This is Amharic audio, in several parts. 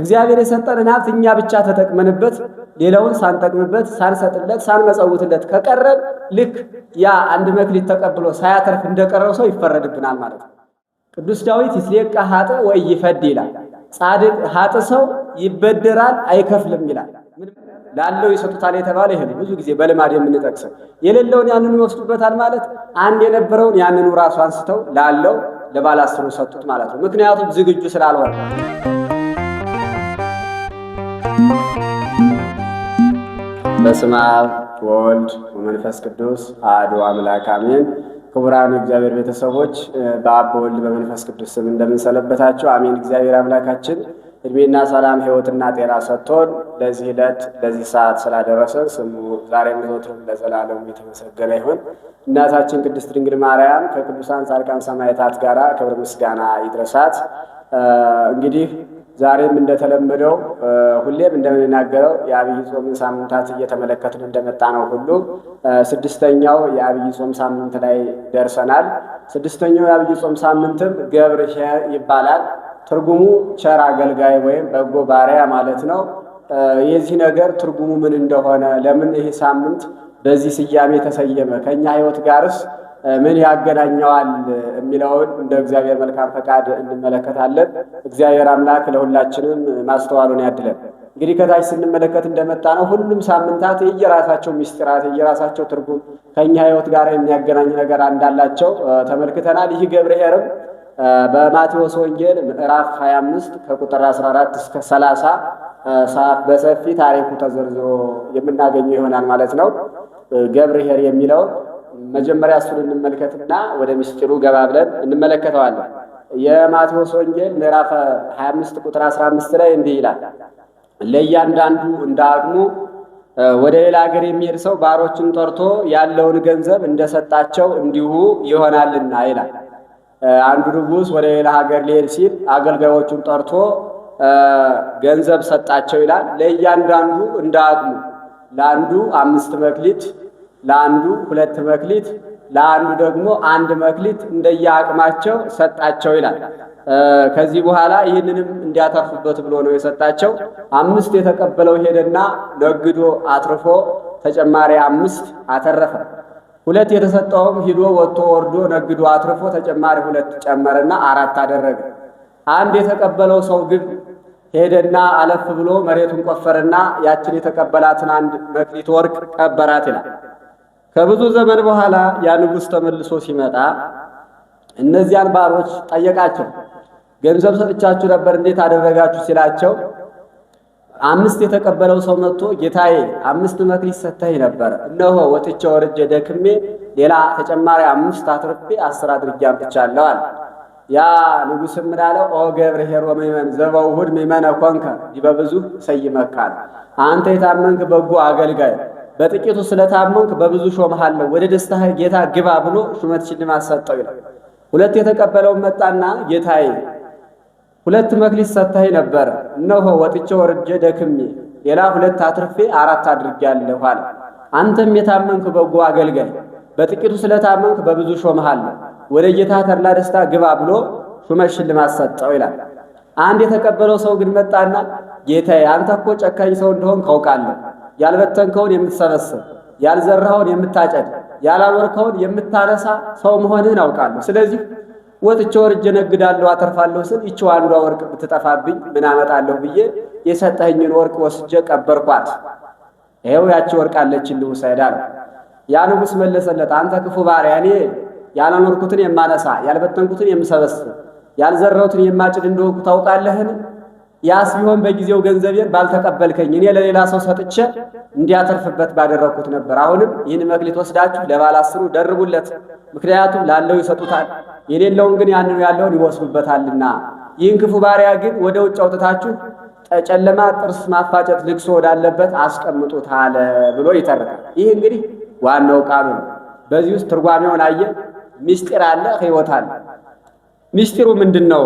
እግዚአብሔር የሰጠንን ሀብት እኛ ብቻ ተጠቅመንበት ሌላውን ሳንጠቅምበት ሳንሰጥለት ሳንመጸውትለት ከቀረብ ልክ ያ አንድ መክሊት ተቀብሎ ሳያተርፍ እንደቀረው ሰው ይፈረድብናል ማለት ነው። ቅዱስ ዳዊት ይስሌቃ ሀጥ ወይ ይፈድ ይላል። ጻድቅ ሀጥ ሰው ይበደራል አይከፍልም ይላል። ላለው ይሰጡታል የተባለ ይሄ ብዙ ጊዜ በልማድ የምንጠቅሰው የሌለውን ያንኑ ይወስዱበታል ማለት አንድ የነበረውን ያንኑ ራሱ አንስተው ላለው ለባላስሩ ሰጡት ማለት ነው። ምክንያቱም ዝግጁ ስላልሆነ በስመ አብ ወወልድ ወመንፈስ ቅዱስ አሐዱ አምላክ አሜን። ክቡራን እግዚአብሔር ቤተሰቦች በአብ በወልድ በመንፈስ ቅዱስ ስም እንደምንሰለበታቸው አሜን። እግዚአብሔር አምላካችን እድሜና ሰላም ሕይወትና ጤና ሰጥቶን ለዚህ ዕለት ለዚህ ሰዓት ስላደረሰን ስሙ ዛሬም ዘወትርም ለዘላለሙ የተመሰገነ ይሁን። እናታችን ቅድስት ድንግል ማርያም ከቅዱሳን ጻድቃን ሰማዕታት ጋር ክብር ምስጋና ይድረሳት። እንግዲህ ዛሬም እንደተለመደው ሁሌም እንደምንናገረው የአብይ ጾምን ሳምንታት እየተመለከትን እንደመጣ ነው ሁሉ ስድስተኛው የአብይ ጾም ሳምንት ላይ ደርሰናል። ስድስተኛው የአብይ ጾም ሳምንትም ገብር ይባላል። ትርጉሙ ቸር አገልጋይ ወይም በጎ ባሪያ ማለት ነው። የዚህ ነገር ትርጉሙ ምን እንደሆነ፣ ለምን ይህ ሳምንት በዚህ ስያሜ ተሰየመ፣ ከእኛ ህይወት ጋርስ ምን ያገናኘዋል የሚለውን እንደ እግዚአብሔር መልካም ፈቃድ እንመለከታለን። እግዚአብሔር አምላክ ለሁላችንም ማስተዋሉን ያድለን። እንግዲህ ከታች ስንመለከት እንደመጣ ነው ሁሉም ሳምንታት የየራሳቸው ሚስጢራት የየራሳቸው ትርጉም ከእኛ ሕይወት ጋር የሚያገናኝ ነገር እንዳላቸው ተመልክተናል። ይህ ገብርኄርም በማቴዎስ ወንጌል ምዕራፍ 25 ከቁጥር 14 እስከ 30 ሰዓት በሰፊ ታሪኩ ተዘርዝሮ የምናገኘው ይሆናል ማለት ነው። ገብርኄር የሚለውን መጀመሪያ እሱን እንመልከትና ወደ ምስጢሩ ገባ ብለን እንመለከተዋለን። የማቴዎስ ወንጌል ምዕራፍ 25 ቁጥር 15 ላይ እንዲህ ይላል፣ ለእያንዳንዱ እንደ አቅሙ ወደ ሌላ ሀገር የሚሄድ ሰው ባሮችን ጠርቶ ያለውን ገንዘብ እንደሰጣቸው እንዲሁ ይሆናልና ይላል። አንዱ ንጉሥ ወደ ሌላ ሀገር ሊሄድ ሲል አገልጋዮቹን ጠርቶ ገንዘብ ሰጣቸው ይላል። ለእያንዳንዱ እንደ አቅሙ ለአንዱ አምስት መክሊት ለአንዱ ሁለት መክሊት ለአንዱ ደግሞ አንድ መክሊት እንደየአቅማቸው ሰጣቸው ይላል። ከዚህ በኋላ ይህንንም እንዲያተርፉበት ብሎ ነው የሰጣቸው። አምስት የተቀበለው ሄደና ነግዶ አትርፎ ተጨማሪ አምስት አተረፈ። ሁለት የተሰጠውም ሂዶ ወጥቶ ወርዶ ነግዶ አትርፎ ተጨማሪ ሁለት ጨመረና አራት አደረገ። አንድ የተቀበለው ሰው ግን ሄደና አለፍ ብሎ መሬቱን ቆፈረና ያችን የተቀበላትን አንድ መክሊት ወርቅ ቀበራት ይላል። ከብዙ ዘመን በኋላ ያ ንጉሥ ተመልሶ ሲመጣ እነዚያን ባሮች ጠየቃቸው። ገንዘብ ሰጥቻችሁ ነበር እንዴት አደረጋችሁ ሲላቸው አምስት የተቀበለው ሰው መጥቶ ጌታዬ አምስት መክሊት ሰጥተኸኝ ነበር፣ እነሆ ወጥቼ ወርጄ ደክሜ ሌላ ተጨማሪ አምስት አትርፌ አስር አድርጌ አምጥቻለሁ አለ። ያ ንጉሥም ምን ኦ ገብር ሄሮ ምእመን ዘበውሁድ ምእመነ ኮንከ ዲበብዙ ሰይመካል። አንተ የታመንክ በጎ አገልጋይ በጥቂቱ ስለታመንክ በብዙ ሾምሃለሁ፣ ወደ ደስታ ጌታ ግባ ብሎ ሹመት ሽልማት ሰጠው ይላል። ሁለት የተቀበለውን መጣና ጌታዬ ሁለት መክሊት ሰጥተኸኝ ነበር፣ እነሆ ወጥቼ ወርጄ ደክሜ ሌላ ሁለት አትርፌ አራት አድርጌያለሁ አለ። አንተም የታመንክ በጎ አገልጋይ፣ በጥቂቱ ስለታመንክ በብዙ ሾምሃለሁ፣ ወደ ጌታ ተድላ ደስታ ግባ ብሎ ሹመት ሽልማት ሰጠው ይላል። አንድ የተቀበለው ሰው ግን መጣና ጌታዬ አንተ እኮ ጨካኝ ሰው እንደሆን ካውቃለሁ ያልበተንከውን የምትሰበስብ፣ ያልዘራኸውን የምታጨድ፣ ያላኖርከውን የምታነሳ ሰው መሆንህን አውቃለሁ። ስለዚህ ወጥቼ ወርጄ እነግዳለሁ፣ አተርፋለሁ ስል ይቺው አንዷ ወርቅ ብትጠፋብኝ ምን አመጣለሁ ብዬ የሰጠኝን ወርቅ ወስጄ ቀበርኳት። ይኸው ያቺ ወርቅ አለች ልውሰድ ያ ንጉሥ መለሰለት፣ አንተ ክፉ ባሪያ፣ እኔ ያላኖርኩትን የማነሳ ያልበተንኩትን የምሰበስብ ያልዘራሁትን የማጭድ እንደሆንኩ ታውቃለህን? ያስ ቢሆን በጊዜው ገንዘቤን ባልተቀበልከኝ እኔ ለሌላ ሰው ሰጥቼ እንዲያተርፍበት ባደረግኩት ነበር። አሁንም ይህን መክሊት ወስዳችሁ ለባለ አስሩ ደርቡለት፣ ምክንያቱም ላለው ይሰጡታል፣ የሌለውን ግን ያንኑ ያለውን ይወስዱበታልና። ይህን ክፉ ባሪያ ግን ወደ ውጭ አውጥታችሁ ጨለማ፣ ጥርስ ማፋጨት፣ ልቅሶ ወዳለበት አስቀምጡት አለ ብሎ ይተርካል። ይህ እንግዲህ ዋናው ቃሉ ነው። በዚህ ውስጥ ትርጓሜውን አየ፣ ምስጢር አለ፣ ህይወት አለ። ምስጢሩ ምንድን ነው?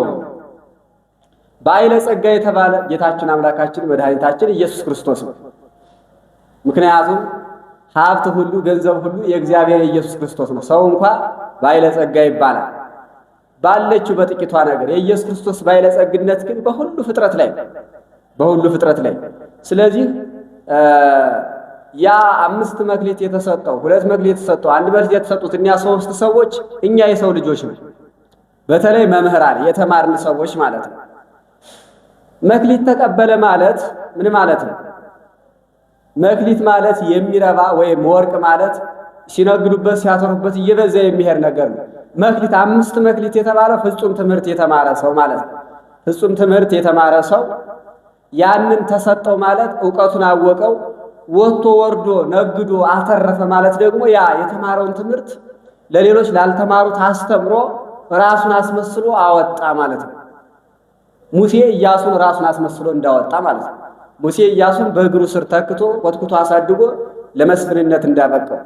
ባይለ ጸጋ የተባለ ጌታችን አምላካችን መድኃኒታችን ኢየሱስ ክርስቶስ ነው። ምክንያቱም ሀብት ሁሉ ገንዘብ ሁሉ የእግዚአብሔር ኢየሱስ ክርስቶስ ነው። ሰው እንኳ ባይለ ጸጋ ይባላል ባለችው በጥቂቷ ነገር። የኢየሱስ ክርስቶስ ባይለ ጸግነት ግን በሁሉ ፍጥረት ላይ በሁሉ ፍጥረት ላይ ስለዚህ ያ አምስት መክሊት የተሰጠው ሁለት መክሊት የተሰጠው አንድ መክሊት የተሰጡት እኛ ሶስት ሰዎች እኛ የሰው ልጆች ነው። በተለይ መምህራን የተማርን ሰዎች ማለት ነው መክሊት ተቀበለ ማለት ምን ማለት ነው? መክሊት ማለት የሚረባ ወይም ወርቅ ማለት ሲነግዱበት ሲያተሩበት እየበዛ የሚሄድ ነገር ነው። መክሊት አምስት መክሊት የተባለ ፍጹም ትምህርት የተማረ ሰው ማለት ነው። ፍጹም ትምህርት የተማረ ሰው ያንን ተሰጠው ማለት እውቀቱን አወቀው። ወጥቶ ወርዶ ነግዶ አተረፈ ማለት ደግሞ ያ የተማረውን ትምህርት ለሌሎች ላልተማሩት አስተምሮ ራሱን አስመስሎ አወጣ ማለት ነው። ሙሴ ኢያሱን ራሱን አስመስሎ እንዳወጣ ማለት ነው። ሙሴ ኢያሱን በእግሩ ስር ተክቶ ኮትኩቶ አሳድጎ ለመስፍንነት እንዳበቀው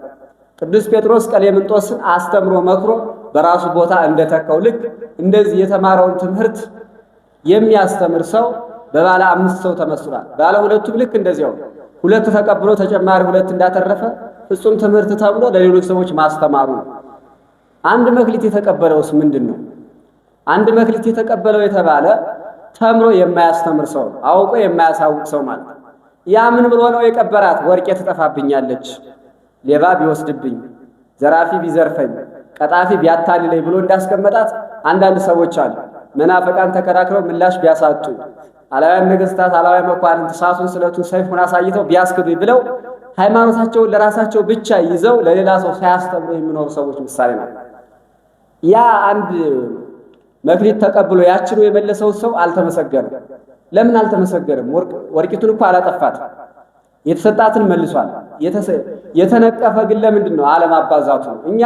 ቅዱስ ጴጥሮስ ቀሌምንጦስን አስተምሮ መክሮ በራሱ ቦታ እንደተካው ልክ እንደዚህ የተማረውን ትምህርት የሚያስተምር ሰው በባለ አምስት ሰው ተመስሏል። ባለ ሁለቱም ልክ እንደዚያው ሁለት ተቀብሎ ተጨማሪ ሁለት እንዳተረፈ ፍጹም ትምህርት ተብሎ ለሌሎች ሰዎች ማስተማሩ ነው። አንድ መክሊት የተቀበለውስ ምንድን ነው? አንድ መክሊት የተቀበለው የተባለ ተምሮ የማያስተምር ሰው ነው። አውቆ የማያሳውቅ ሰው ማለት ነው። ያ ምን ብሎ ነው የቀበራት? ወርቄ ትጠፋብኛለች፣ ሌባ ቢወስድብኝ፣ ዘራፊ ቢዘርፈኝ፣ ቀጣፊ ቢያታልለኝ ብሎ እንዳስቀመጣት አንዳንድ ሰዎች አሉ። መናፈቃን ተከራክረው ምላሽ ቢያሳጡ፣ አላውያን ነገስታት፣ አላውያን መኳንንት ሳቱን፣ ስለቱን፣ ሰይፉን አሳይተው ቢያስክዱኝ ብለው ሃይማኖታቸውን ለራሳቸው ብቻ ይዘው ለሌላ ሰው ሳያስተምሩ የሚኖሩ ሰዎች ምሳሌ ናቸው። ያ አንድ መክሊት ተቀብሎ ያችኑ የመለሰው ሰው አልተመሰገንም። ለምን አልተመሰገንም? ወርቂቱን እኮ አላጠፋት፣ የተሰጣትን መልሷል። የተነቀፈ ግን ለምንድን ነው? አለማባዛቱ። እኛ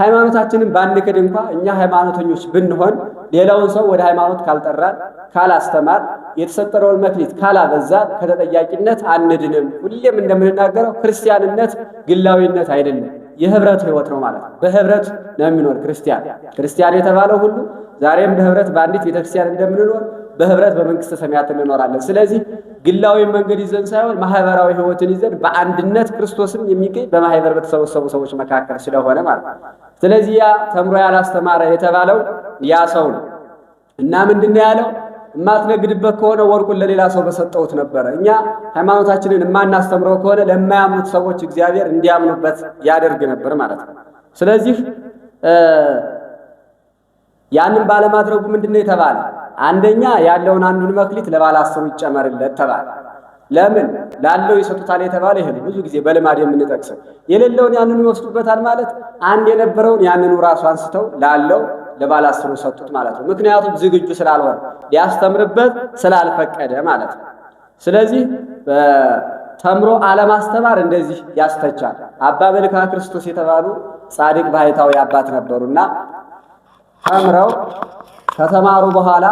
ሃይማኖታችንን ባንክድ እንኳ እኛ ሃይማኖተኞች ብንሆን ሌላውን ሰው ወደ ሃይማኖት ካልጠራን፣ ካላስተማር፣ የተሰጠረውን መክሊት ካላበዛ ከተጠያቂነት አንድንም። ሁሌም እንደምንናገረው ክርስቲያንነት ግላዊነት አይደለም፣ የህብረት ህይወት ነው ማለት ነው። በህብረት ነው የሚኖር ክርስቲያን። ክርስቲያን የተባለው ሁሉ ዛሬም በህብረት በአንዲት ቤተክርስቲያን እንደምንኖር በህብረት በመንግስተ ሰማያት እንኖራለን። ስለዚህ ግላዊ መንገድ ይዘን ሳይሆን ማህበራዊ ህይወትን ይዘን በአንድነት ክርስቶስም የሚገኝ በማህበር በተሰበሰቡ ሰዎች መካከል ስለሆነ ማለት ነው። ስለዚህ ያ ተምሮ ያላስተማረ የተባለው ያ ሰው ነው እና ምንድን ነው ያለው? የማትነግድበት ከሆነ ወርቁን ለሌላ ሰው በሰጠሁት ነበረ። እኛ ሃይማኖታችንን የማናስተምረው ከሆነ ለማያምኑት ሰዎች እግዚአብሔር እንዲያምኑበት ያደርግ ነበር ማለት ነው። ስለዚህ ያንን ባለማድረጉ ምንድነው የተባለ? አንደኛ ያለውን አንዱን መክሊት ለባለ አስሩ ይጨመርለት ተባለ። ለምን ላለው ይሰጡታል የተባለ ይሄ ብዙ ጊዜ በልማድ የምንጠቅሰው የሌለውን ያንኑ ይወስዱበታል ማለት አንድ የነበረውን ያንኑ ራሱ አንስተው ላለው ለባለ አስሩ ሰጡት ማለት ነው። ምክንያቱም ዝግጁ ስላልሆነ ሊያስተምርበት ስላልፈቀደ ማለት ነው። ስለዚህ ተምሮ አለማስተማር እንደዚህ ያስተቻል። አባ መልካ ክርስቶስ የተባሉ ጻድቅ ባህታዊ አባት ነበሩና ተምረው ከተማሩ በኋላ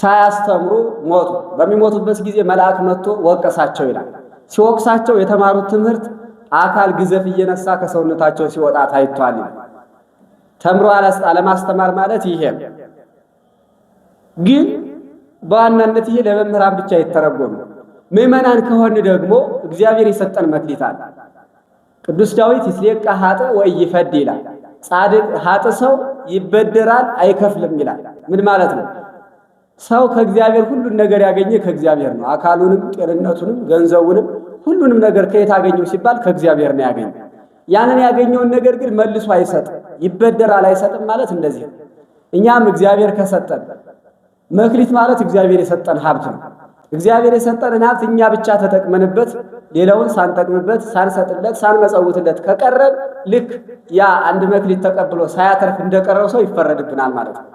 ሳያስተምሩ ሞቱ። በሚሞቱበት ጊዜ መልአክ መጥቶ ወቀሳቸው ይላል። ሲወቅሳቸው የተማሩት ትምህርት አካል ግዘፍ እየነሳ ከሰውነታቸው ሲወጣ ታይቷል። ተምሮ አለማስተማር ማለት ይሄ ነው። ግን በዋናነት ይሄ ለመምህራን ብቻ የተረጎመ ምዕመናን ከሆን ደግሞ እግዚአብሔር የሰጠን መክሊት አለ። ቅዱስ ዳዊት ይስሌቃ ሀጠ ወኢይፈድ ይላል ጻድቅ ሀጥ ሰው ይበደራል አይከፍልም ይላል። ምን ማለት ነው? ሰው ከእግዚአብሔር ሁሉን ነገር ያገኘ ከእግዚአብሔር ነው። አካሉንም፣ ጤንነቱንም፣ ገንዘቡንም ሁሉንም ነገር ከየት አገኘው ሲባል ከእግዚአብሔር ነው ያገኘ ያንን ያገኘውን ነገር ግን መልሶ አይሰጥም፣ ይበደራል አይሰጥም ማለት እንደዚህ ነው። እኛም እግዚአብሔር ከሰጠን መክሊት ማለት እግዚአብሔር የሰጠን ሀብት ነው። እግዚአብሔር የሰጠንን ሀብት እኛ ብቻ ተጠቅመንበት ሌላውን ሳንጠቅምበት ሳንሰጥለት ሳንመጸውትለት ከቀረብ ልክ ያ አንድ መክሊት ተቀብሎ ሳያተርፍ እንደቀረው ሰው ይፈረድብናል ማለት ነው።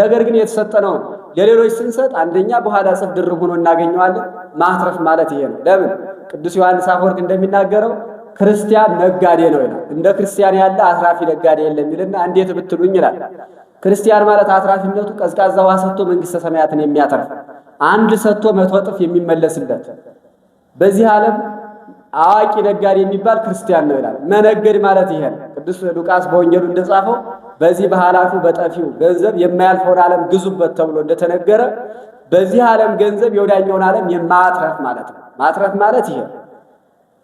ነገር ግን የተሰጠነውን ለሌሎች ስንሰጥ አንደኛ በኋላ ጽፍ ድርብ ሆኖ እናገኘዋለን። ማትረፍ ማለት ይሄ ነው። ለምን ቅዱስ ዮሐንስ አፈወርቅ እንደሚናገረው ክርስቲያን ነጋዴ ነው ይላል። እንደ ክርስቲያን ያለ አትራፊ ነጋዴ የለም ይልና እንዴት ብትሉኝ ይላል። ክርስቲያን ማለት አትራፊነቱ ቀዝቃዛ ውሃ ሰጥቶ መንግሥተ ሰማያትን የሚያተርፍ አንድ ሰጥቶ መቶ እጥፍ የሚመለስበት በዚህ ዓለም አዋቂ ነጋዴ የሚባል ክርስቲያን ነው ይላል። መነገድ ማለት ይሄ ቅዱስ ሉቃስ በወንጌሉ እንደጻፈው በዚህ በኃላፊ በጠፊው ገንዘብ የማያልፈውን ዓለም ግዙበት ተብሎ እንደተነገረ በዚህ ዓለም ገንዘብ የወዳኛውን ዓለም የማትረፍ ማለት ነው። ማትረፍ ማለት ይሄ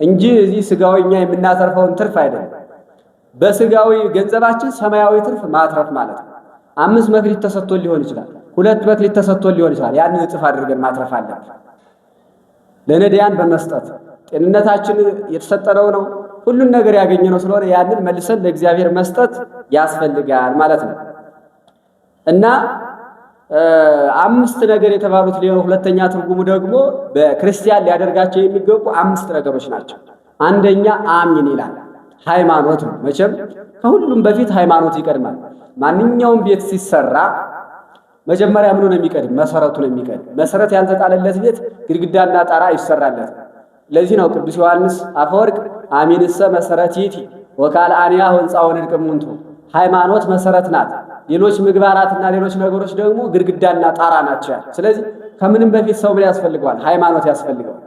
እንጂ እዚህ ስጋዊኛ የምናተርፈውን ትርፍ አይደለም። በስጋዊ ገንዘባችን ሰማያዊ ትርፍ ማትረፍ ማለት ነው። አምስት መክሊት ተሰጥቶ ሊሆን ይችላል፣ ሁለት መክሊት ተሰጥቶ ሊሆን ይችላል። ያንን እጥፍ አድርገን ማትረፍ አለብን ለነዳያን በመስጠት ጤንነታችን የተሰጠነው ነው። ሁሉን ነገር ያገኘነው ስለሆነ ያንን መልሰን ለእግዚአብሔር መስጠት ያስፈልጋል ማለት ነው እና አምስት ነገር የተባሉት ሁለተኛ ትርጉሙ ደግሞ በክርስቲያን ሊያደርጋቸው የሚገቡ አምስት ነገሮች ናቸው። አንደኛ አሚን ይላል። ሃይማኖት ነው። መቼም ከሁሉም በፊት ሃይማኖት ይቀድማል። ማንኛውም ቤት ሲሰራ መጀመሪያ ምኑ ነው የሚቀድም? መሰረቱ ነው የሚቀድም። መሰረት ያልተጣለለት ቤት ግድግዳና ጣራ ይሰራለት። ለዚህ ነው ቅዱስ ዮሐንስ አፈወርቅ አሚንሰ መሰረት ይእቲ ወካል አንያ ሕንፃውን እድቅሙንቱ ሃይማኖት መሰረት ናት፣ ሌሎች ምግባራትና ሌሎች ነገሮች ደግሞ ግድግዳና ጣራ ናቸው ያለ። ስለዚህ ከምንም በፊት ሰው ምን ያስፈልገዋል? ሃይማኖት ያስፈልገዋል።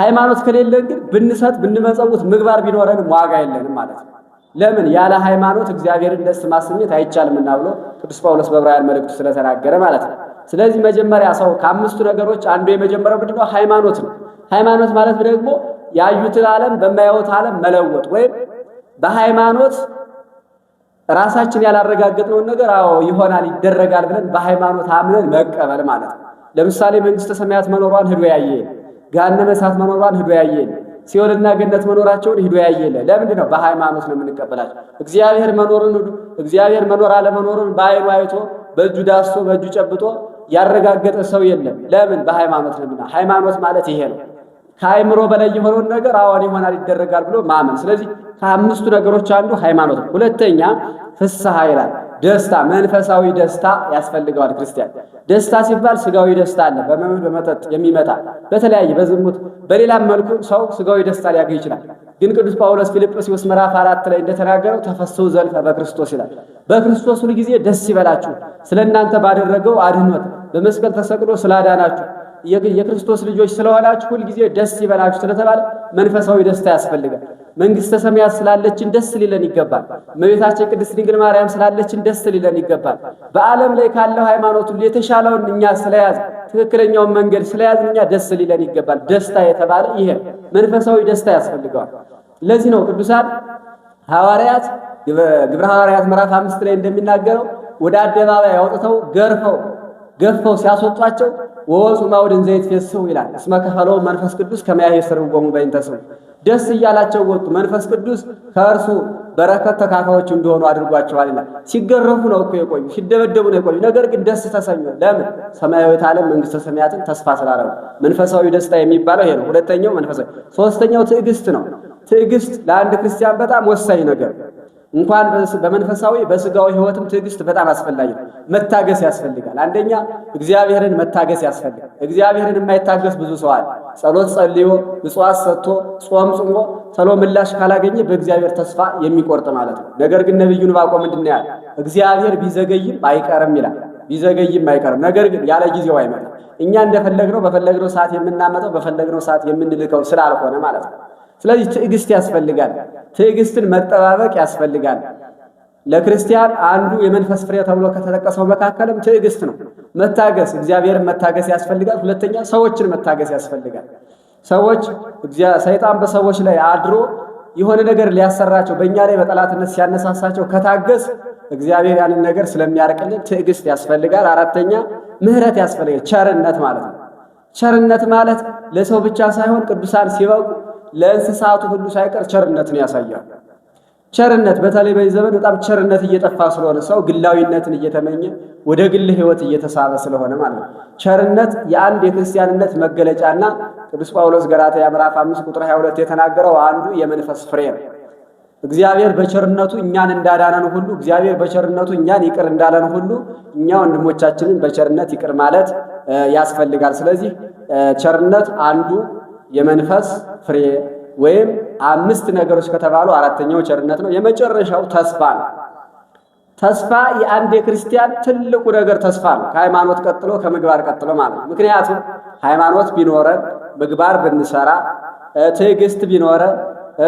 ሃይማኖት ከሌለን ግን ብንሰጥ ብንመጸውት ምግባር ቢኖረንም ዋጋ የለንም ማለት ነው። ለምን ያለ ሃይማኖት እግዚአብሔርን ደስ ማሰኘት አይቻልምና ብሎ ቅዱስ ጳውሎስ በዕብራውያን መልእክቱ ስለተናገረ ማለት ነው። ስለዚህ መጀመሪያ ሰው ከአምስቱ ነገሮች አንዱ የመጀመሪያው ምንድነው? ሃይማኖት ነው። ሃይማኖት ማለት ደግሞ ያዩትን ዓለም በማያዩት ዓለም መለወጥ ወይም በሃይማኖት ራሳችን ያላረጋገጥነውን ነገር አዎ ይሆናል ይደረጋል ብለን በሃይማኖት አምነን መቀበል ማለት ነው። ለምሳሌ መንግስተ ሰማያት መኖሯን ሂዶ ያየ፣ ገሃነመ እሳት መኖሯን ሂዶ ያየ፣ ሲኦልና ገነት መኖራቸውን ሂዶ ያየ። ለምንድን ነው? በሃይማኖት ነው የምንቀበላቸው። እግዚአብሔር መኖርን መኖሩን እግዚአብሔር መኖር አለመኖሩን በአይኑ አይቶ በእጁ ዳስቶ በእጁ ጨብጦ ያረጋገጠ ሰው የለም። ለምን? በሃይማኖት ነው። ሃይማኖት ማለት ይሄ ነው። ከአይምሮ በላይ የሆነውን ነገር አዋን ይሆናል ይደረጋል ብሎ ማመን። ስለዚህ ከአምስቱ ነገሮች አንዱ ሃይማኖት ነው። ሁለተኛ ፍስሐ ይላል። ደስታ፣ መንፈሳዊ ደስታ ያስፈልገዋል። ክርስቲያን ደስታ ሲባል ስጋዊ ደስታ አለ፣ በመብል በመጠጥ የሚመጣ በተለያየ በዝሙት በሌላም መልኩ ሰው ስጋዊ ደስታ ሊያገኝ ይችላል። ግን ቅዱስ ጳውሎስ ፊልጵስዩስ ምዕራፍ አራት ላይ እንደተናገረው ተፈሰው ዘልፈ በክርስቶስ ይላል። በክርስቶስ ሁልጊዜ ደስ ይበላችሁ፣ ስለ እናንተ ባደረገው አድኅኖት በመስቀል ተሰቅሎ ስላዳናችሁ የክርስቶስ ልጆች ስለሆናችሁ ሁልጊዜ ደስ ይበላችሁ ስለተባለ መንፈሳዊ ደስታ ያስፈልጋል። መንግስተ ሰማያት ስላለችን ደስ ሊለን ይገባል። እመቤታችን ቅድስት ድንግል ማርያም ስላለችን ደስ ሊለን ይገባል። በዓለም ላይ ካለው ሃይማኖት ሁሉ የተሻለውን እኛ ስለያዝ ትክክለኛውን መንገድ ስለያዝ እኛ ደስ ሊለን ይገባል። ደስታ የተባለ ይሄ መንፈሳዊ ደስታ ያስፈልገዋል። ለዚህ ነው ቅዱሳን ሐዋርያት ግብረ ሐዋርያት ምዕራፍ አምስት ላይ እንደሚናገረው ወደ አደባባይ አውጥተው ገርፈው ገፈው ሲያስወጧቸው ወወፁ ማውድን ዘይት ፌስው ይላል እስመ ከፈለው መንፈስ ቅዱስ ከመያ የሰርጎሙ በእንተ ደስ እያላቸው ወጡ። መንፈስ ቅዱስ ከእርሱ በረከት ተካፋዮች እንደሆኑ አድርጓቸዋል ይላል። ሲገረፉ ነው እኮ የቆዩ ሲደበደቡ ነው የቆዩ። ነገር ግን ደስ ተሰኙ። ለምን? ሰማያዊት ዓለም መንግስተ ሰማያትን ተስፋ ስላደረጉ። መንፈሳዊ ደስታ የሚባለው ይሄ ነው። ሁለተኛው መንፈሳዊ፣ ሶስተኛው ትዕግስት ነው። ትዕግስት ለአንድ ክርስቲያን በጣም ወሳኝ ነገር እንኳን በመንፈሳዊ በስጋዊ ህይወትም ትዕግስት በጣም አስፈላጊ ነው። መታገስ ያስፈልጋል። አንደኛ እግዚአብሔርን መታገስ ያስፈልጋል። እግዚአብሔርን የማይታገስ ብዙ ሰው አለ። ጸሎት ጸልዮ፣ ምጽዋት ሰጥቶ፣ ጾም ጽሞ ተሎ ምላሽ ካላገኘ በእግዚአብሔር ተስፋ የሚቆርጥ ማለት ነው። ነገር ግን ነቢዩን ባቆ ምንድን ነው ያለ? እግዚአብሔር ቢዘገይም አይቀርም ይላል። ቢዘገይም አይቀርም፣ ነገር ግን ያለ ጊዜው አይመጣም። እኛ እንደፈለግነው በፈለግነው ሰዓት የምናመጠው በፈለግነው ሰዓት የምንልከው ስላልሆነ ማለት ነው። ስለዚህ ትዕግስት ያስፈልጋል። ትዕግስትን መጠባበቅ ያስፈልጋል። ለክርስቲያን አንዱ የመንፈስ ፍሬ ተብሎ ከተጠቀሰው መካከልም ትዕግስት ነው። መታገስ፣ እግዚአብሔርን መታገስ ያስፈልጋል። ሁለተኛ ሰዎችን መታገስ ያስፈልጋል። ሰዎች ሰይጣን በሰዎች ላይ አድሮ የሆነ ነገር ሊያሰራቸው በእኛ ላይ በጠላትነት ሲያነሳሳቸው ከታገስ እግዚአብሔር ያንን ነገር ስለሚያርቅልን ትዕግስት ያስፈልጋል። አራተኛ ምሕረት ያስፈልጋል፣ ቸርነት ማለት ነው። ቸርነት ማለት ለሰው ብቻ ሳይሆን ቅዱሳን ሲበቁ ለእንስሳቱ ሁሉ ሳይቀር ቸርነትን ያሳያል። ቸርነት በተለይ በዚህ ዘመን በጣም ቸርነት እየጠፋ ስለሆነ ሰው ግላዊነትን እየተመኘ ወደ ግል ሕይወት እየተሳበ ስለሆነ ማለት ነው። ቸርነት የአንድ የክርስቲያንነት መገለጫና ቅዱስ ጳውሎስ ገላትያ ምዕራፍ 5 ቁጥር 22 የተናገረው አንዱ የመንፈስ ፍሬ ነው። እግዚአብሔር በቸርነቱ እኛን እንዳዳነን ሁሉ እግዚአብሔር በቸርነቱ እኛን ይቅር እንዳለን ሁሉ እኛ ወንድሞቻችንን በቸርነት ይቅር ማለት ያስፈልጋል። ስለዚህ ቸርነት አንዱ የመንፈስ ፍሬ ወይም አምስት ነገሮች ከተባሉ አራተኛው ቸርነት ነው። የመጨረሻው ተስፋ ነው። ተስፋ የአንድ የክርስቲያን ትልቁ ነገር ተስፋ ነው። ከሃይማኖት ቀጥሎ ከምግባር ቀጥሎ ማለት ነው። ምክንያቱም ሃይማኖት ቢኖረን ምግባር ብንሰራ፣ ትዕግስት ቢኖረን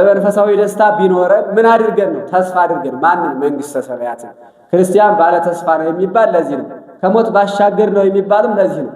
መንፈሳዊ ደስታ ቢኖረን ምን አድርገን ነው? ተስፋ አድርገን ማንን? መንግሥተ ሰማያትን። ክርስቲያን ባለ ተስፋ ነው የሚባል ለዚህ ነው። ከሞት ባሻገር ነው የሚባልም ለዚህ ነው።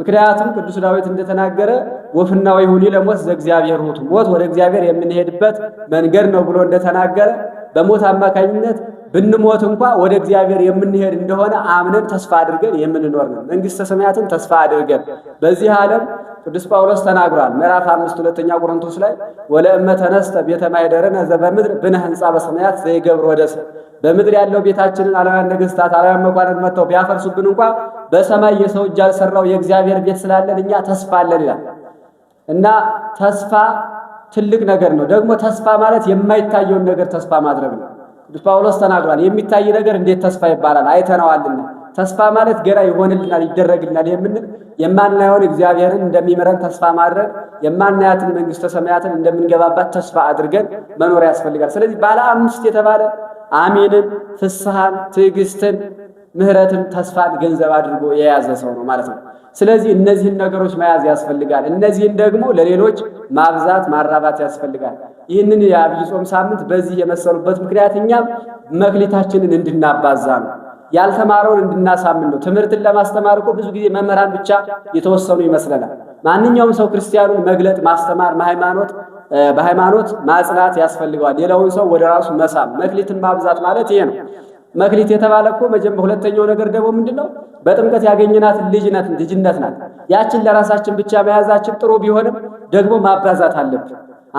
ምክንያቱም ቅዱስ ዳዊት እንደተናገረ ወፍና ወይሁኒ ለሞት ዘእግዚአብሔር ውእቱ፣ ሞት ወደ እግዚአብሔር የምንሄድበት መንገድ ነው ብሎ እንደተናገረ በሞት አማካኝነት ብንሞት እንኳ ወደ እግዚአብሔር የምንሄድ እንደሆነ አምነን ተስፋ አድርገን የምንኖር ነው። መንግሥተ ሰማያትን ተስፋ አድርገን በዚህ ዓለም ቅዱስ ጳውሎስ ተናግሯል። ምዕራፍ አምስት ሁለተኛ ቆሮንቶስ ላይ ወለ ወለእመ ተነስተ ቤተ ማይደረነ ዘበምድር ብነ ሕንፃ በሰማያት ዘይገብር ወደስ በምድር ያለው ቤታችንን አላውያን ነገሥታት አላውያን መኳንንት መጥተው ቢያፈርሱብን እንኳ በሰማይ የሰው እጅ ያልሰራው የእግዚአብሔር ቤት ስላለን እኛ ተስፋ አለን ይላል። እና ተስፋ ትልቅ ነገር ነው። ደግሞ ተስፋ ማለት የማይታየውን ነገር ተስፋ ማድረግ ነው። ቅዱስ ጳውሎስ ተናግሯል። የሚታይ ነገር እንዴት ተስፋ ይባላል? አይተነዋልና። ተስፋ ማለት ገና ይሆንልናል፣ ይደረግልናል የምንል የማናየውን እግዚአብሔርን እንደሚምረን ተስፋ ማድረግ የማናያትን መንግስተ ሰማያትን እንደምንገባባት ተስፋ አድርገን መኖር ያስፈልጋል። ስለዚህ ባለ አምስት የተባለ አሚንን፣ ፍስሐን፣ ትዕግስትን፣ ምህረትን ተስፋን ገንዘብ አድርጎ የያዘ ሰው ነው ማለት ነው። ስለዚህ እነዚህን ነገሮች መያዝ ያስፈልጋል። እነዚህን ደግሞ ለሌሎች ማብዛት ማራባት ያስፈልጋል። ይህንን የአብይ ጾም ሳምንት በዚህ የመሰሉበት ምክንያት እኛም መክሊታችንን እንድናባዛ ነው፣ ያልተማረውን እንድናሳምን ነው። ትምህርትን ለማስተማር እኮ ብዙ ጊዜ መምህራን ብቻ የተወሰኑ ይመስለናል። ማንኛውም ሰው ክርስቲያኑን መግለጥ፣ ማስተማር፣ ሃይማኖት በሃይማኖት ማጽናት ያስፈልገዋል። ሌላውን ሰው ወደ ራሱ መሳም መክሊትን ማብዛት ማለት ይሄ ነው። መክሊት የተባለ እኮ መጀመ ሁለተኛው ነገር ደግሞ ምንድነው? በጥምቀት ያገኘናት ልጅነት ልጅነት ናት። ያችን ለራሳችን ብቻ መያዛችን ጥሩ ቢሆንም ደግሞ ማባዛት አለብን።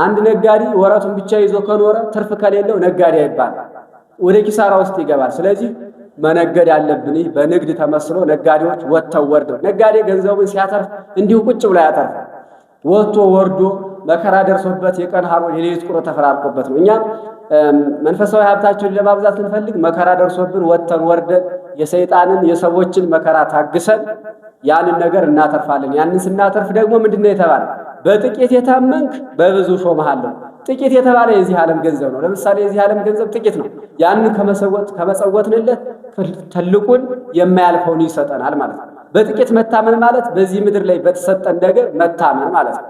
አንድ ነጋዴ ወረቱን ብቻ ይዞ ከኖረ ትርፍ ከሌለው ነጋዴ አይባል፣ ወደ ኪሳራ ውስጥ ይገባል። ስለዚህ መነገድ አለብን። ይህ በንግድ ተመስሎ ነጋዴዎች ወጥተው ወርደው፣ ነጋዴ ገንዘቡን ሲያተርፍ እንዲሁ ቁጭ ብሎ ያተርፍ፣ ወጥቶ ወርዶ መከራ ደርሶበት የቀን ሀሮ የሌሊት ቁሮ ተፈራርቆበት ነው። እኛም መንፈሳዊ ሀብታቸውን ለማብዛት ስንፈልግ መከራ ደርሶብን ወጥተን ወርደን የሰይጣንን የሰዎችን መከራ ታግሰን ያንን ነገር እናተርፋለን። ያንን ስናተርፍ ደግሞ ምንድነው የተባለ? በጥቂት የታመንክ በብዙ ሾመሃለሁ። ጥቂት የተባለ የዚህ ዓለም ገንዘብ ነው። ለምሳሌ የዚህ ዓለም ገንዘብ ጥቂት ነው። ያንን ከመሰወት ከመጸወትንለት ትልቁን የማያልፈውን ይሰጠናል ማለት ነው። በጥቂት መታመን ማለት በዚህ ምድር ላይ በተሰጠን ነገር መታመን ማለት ነው።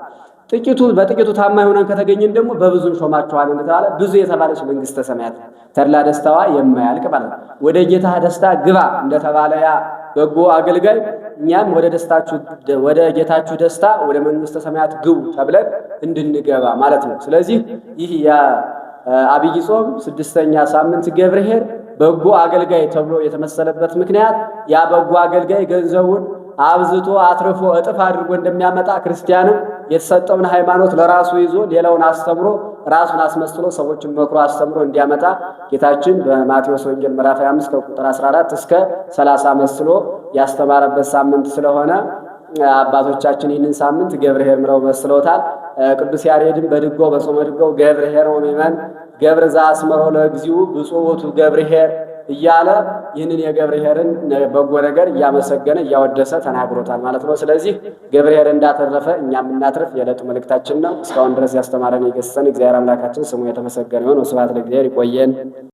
ጥቂቱ በጥቂቱ ታማኝ ሆነን ከተገኘን ደግሞ በብዙ ሾማችኋል እንደተባለ ብዙ የተባለች መንግስተ ሰማያት ተድላ ደስታዋ የማያልቅ ማለት ነው። ወደ ጌታ ደስታ ግባ እንደተባለ ያ በጎ አገልጋይ እኛም ወደ ደስታችሁ ወደ ጌታችሁ ደስታ ወደ መንግስተ ሰማያት ግቡ ተብለን እንድንገባ ማለት ነው። ስለዚህ ይህ የአብይ ጾም ስድስተኛ ሳምንት ገብርሄር በጎ አገልጋይ ተብሎ የተመሰለበት ምክንያት ያ በጎ አገልጋይ ገንዘቡን አብዝቶ አትርፎ እጥፍ አድርጎ እንደሚያመጣ ክርስቲያንም የተሰጠውን ሃይማኖት ለራሱ ይዞ ሌላውን አስተምሮ ራሱን አስመስሎ ሰዎችን መክሮ አስተምሮ እንዲያመጣ ጌታችን በማቴዎስ ወንጌል ምዕራፍ 25 ከቁጥር 14 እስከ 30 መስሎ ያስተማረበት ሳምንት ስለሆነ አባቶቻችን ይህንን ሳምንት ገብርኄር ብለው መስለውታል። ቅዱስ ያሬድን በድጎ በጾመ ድጎው ገብርኄር ወሚመን ገብር ዘአስመሮ ለግዚኡ ብፁዕ ውእቱ ገብርኄር እያለ ይህንን የገብርሔርን በጎ ነገር እያመሰገነ እያወደሰ ተናግሮታል ማለት ነው። ስለዚህ ገብርሔር እንዳተረፈ እኛም እናትርፍ የዕለቱ መልእክታችን ነው። እስካሁን ድረስ ያስተማረን የገሰጸን እግዚአብሔር አምላካችን ስሙ የተመሰገነ ይሁን። ስብሐት ለእግዚአብሔር። ይቆየን።